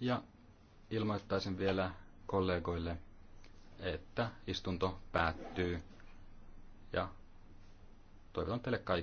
Ja ilmoittaisin vielä kollegoille, että istunto päättyy ja toivotan teille kaikille